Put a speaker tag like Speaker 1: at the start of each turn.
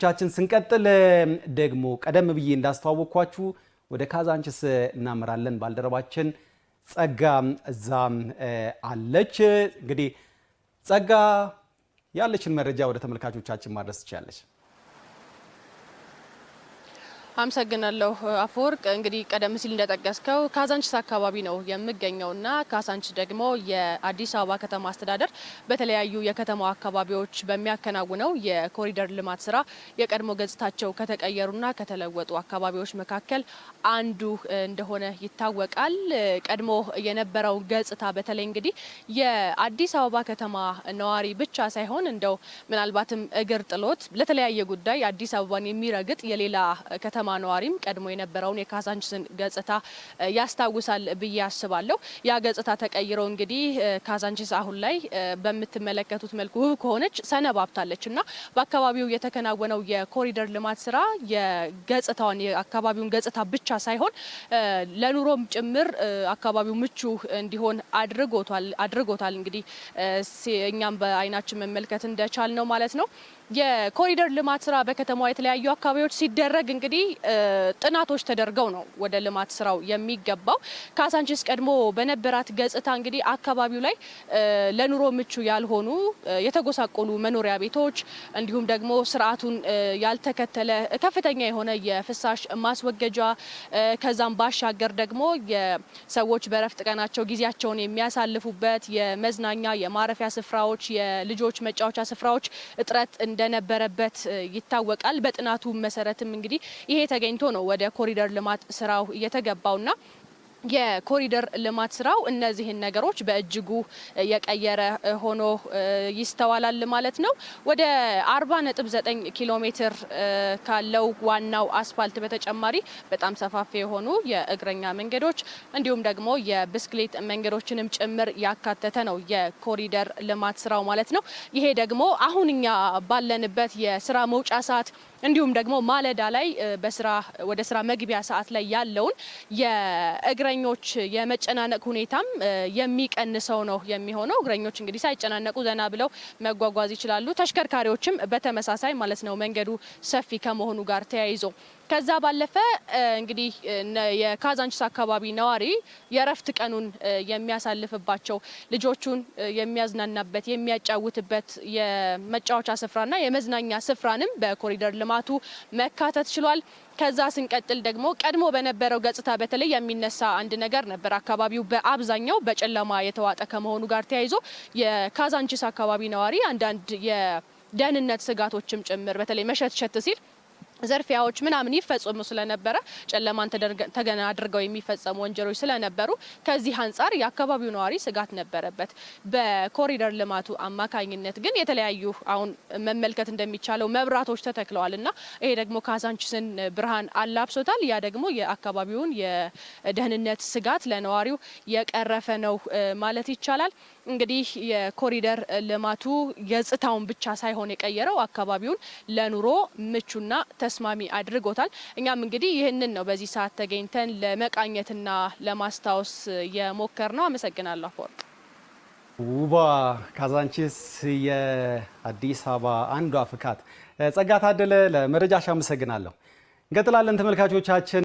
Speaker 1: ቻችን ስንቀጥል ደግሞ ቀደም ብዬ እንዳስተዋወቅኳችሁ ወደ ካዛንችስ እናመራለን። ባልደረባችን ጸጋ እዛ አለች። እንግዲህ ጸጋ ያለችን መረጃ ወደ ተመልካቾቻችን ማድረስ ትችላለች።
Speaker 2: አመሰግናለሁ አፈወርቅ። እንግዲህ ቀደም ሲል እንደጠቀስከው ካዛንችስ አካባቢ ነው የምገኘውና ካዛንቺስ ደግሞ የአዲስ አበባ ከተማ አስተዳደር በተለያዩ የከተማው አካባቢዎች በሚያከናውነው የኮሪደር ልማት ስራ የቀድሞ ገጽታቸው ከተቀየሩና ከተለወጡ አካባቢዎች መካከል አንዱ እንደሆነ ይታወቃል። ቀድሞ የነበረው ገጽታ በተለይ እንግዲህ የአዲስ አበባ ከተማ ነዋሪ ብቻ ሳይሆን እንደው ምናልባትም እግር ጥሎት ለተለያየ ጉዳይ አዲስ አበባን የሚረግጥ የሌላ ከተማ ከተማ ነዋሪም ቀድሞ የነበረውን የካዛንችስን ገጽታ ያስታውሳል ብዬ አስባለሁ። ያ ገጽታ ተቀይሮ እንግዲህ ካዛንችስ አሁን ላይ በምትመለከቱት መልኩ ውብ ከሆነች ሰነባብታለች እና በአካባቢው የተከናወነው የኮሪደር ልማት ስራ የገጽታዋን የአካባቢውን ገጽታ ብቻ ሳይሆን ለኑሮም ጭምር አካባቢው ምቹ እንዲሆን አድርጎታል እንግዲህ እኛም በአይናችን መመልከት እንደቻል ነው ማለት ነው። የኮሪደር ልማት ስራ በከተማዋ የተለያዩ አካባቢዎች ሲደረግ እንግዲህ ጥናቶች ተደርገው ነው ወደ ልማት ስራው የሚገባው። ካሳንቺስ ቀድሞ በነበራት ገጽታ እንግዲህ አካባቢው ላይ ለኑሮ ምቹ ያልሆኑ የተጎሳቆሉ መኖሪያ ቤቶች እንዲሁም ደግሞ ስርዓቱን ያልተከተለ ከፍተኛ የሆነ የፍሳሽ ማስወገጃ ከዛም ባሻገር ደግሞ የሰዎች በረፍት ቀናቸው ጊዜያቸውን የሚያሳልፉበት የመዝናኛ የማረፊያ ስፍራዎች፣ የልጆች መጫወቻ ስፍራዎች እጥረት እንደነበረበት ይታወቃል። በጥናቱ መሰረትም እንግዲህ ይሄ ተገኝቶ ነው ወደ ኮሪደር ልማት ስራው እየተገባውና የኮሪደር ልማት ስራው እነዚህን ነገሮች በእጅጉ የቀየረ ሆኖ ይስተዋላል ማለት ነው። ወደ 40.9 ኪሎ ሜትር ካለው ዋናው አስፋልት በተጨማሪ በጣም ሰፋፊ የሆኑ የእግረኛ መንገዶች እንዲሁም ደግሞ የብስክሌት መንገዶችንም ጭምር ያካተተ ነው የኮሪደር ልማት ስራው ማለት ነው። ይሄ ደግሞ አሁን እኛ ባለንበት የስራ መውጫ ሰዓት እንዲሁም ደግሞ ማለዳ ላይ በስራ ወደ ስራ መግቢያ ሰዓት ላይ ያለውን የእግረ የእግረኞች የመጨናነቅ ሁኔታም የሚቀንሰው ነው የሚሆነው። እግረኞች እንግዲህ ሳይጨናነቁ ዘና ብለው መጓጓዝ ይችላሉ። ተሽከርካሪዎችም በተመሳሳይ ማለት ነው መንገዱ ሰፊ ከመሆኑ ጋር ተያይዞ ከዛ ባለፈ እንግዲህ የካዛንችስ አካባቢ ነዋሪ የእረፍት ቀኑን የሚያሳልፍባቸው ልጆቹን የሚያዝናናበት የሚያጫውትበት የመጫወቻ ስፍራና የመዝናኛ ስፍራንም በኮሪደር ልማቱ መካተት ችሏል። ከዛ ስንቀጥል ደግሞ ቀድሞ በነበረው ገጽታ በተለይ የሚነሳ አንድ ነገር ነበር። አካባቢው በአብዛኛው በጨለማ የተዋጠ ከመሆኑ ጋር ተያይዞ የካዛንችስ አካባቢ ነዋሪ አንዳንድ የደህንነት ስጋቶችም ጭምር በተለይ መሸትሸት ሲል ዘርፊያዎች ምናምን ይፈጸሙ ስለነበረ ጨለማን ተገና አድርገው የሚፈጸሙ ወንጀሎች ስለነበሩ ከዚህ አንጻር የአካባቢው ነዋሪ ስጋት ነበረበት። በኮሪደር ልማቱ አማካኝነት ግን የተለያዩ አሁን መመልከት እንደሚቻለው መብራቶች ተተክለዋል እና ይሄ ደግሞ ካዛንችስን ብርሃን አላብሶታል። ያ ደግሞ የአካባቢውን የደህንነት ስጋት ለነዋሪው የቀረፈ ነው ማለት ይቻላል። እንግዲህ የኮሪደር ልማቱ ገጽታውን ብቻ ሳይሆን የቀየረው አካባቢውን ለኑሮ ምቹና ተስማሚ አድርጎታል። እኛም እንግዲህ ይህንን ነው በዚህ ሰዓት ተገኝተን ለመቃኘትና ለማስታወስ የሞከር ነው። አመሰግናለሁ። አፈወርቅ
Speaker 1: ውቧ ካዛንቺስ የአዲስ አበባ አንዷ ፍካት። ጸጋ ታደለ ለመረጃሽ አመሰግናለሁ። እንቀጥላለን ተመልካቾቻችን።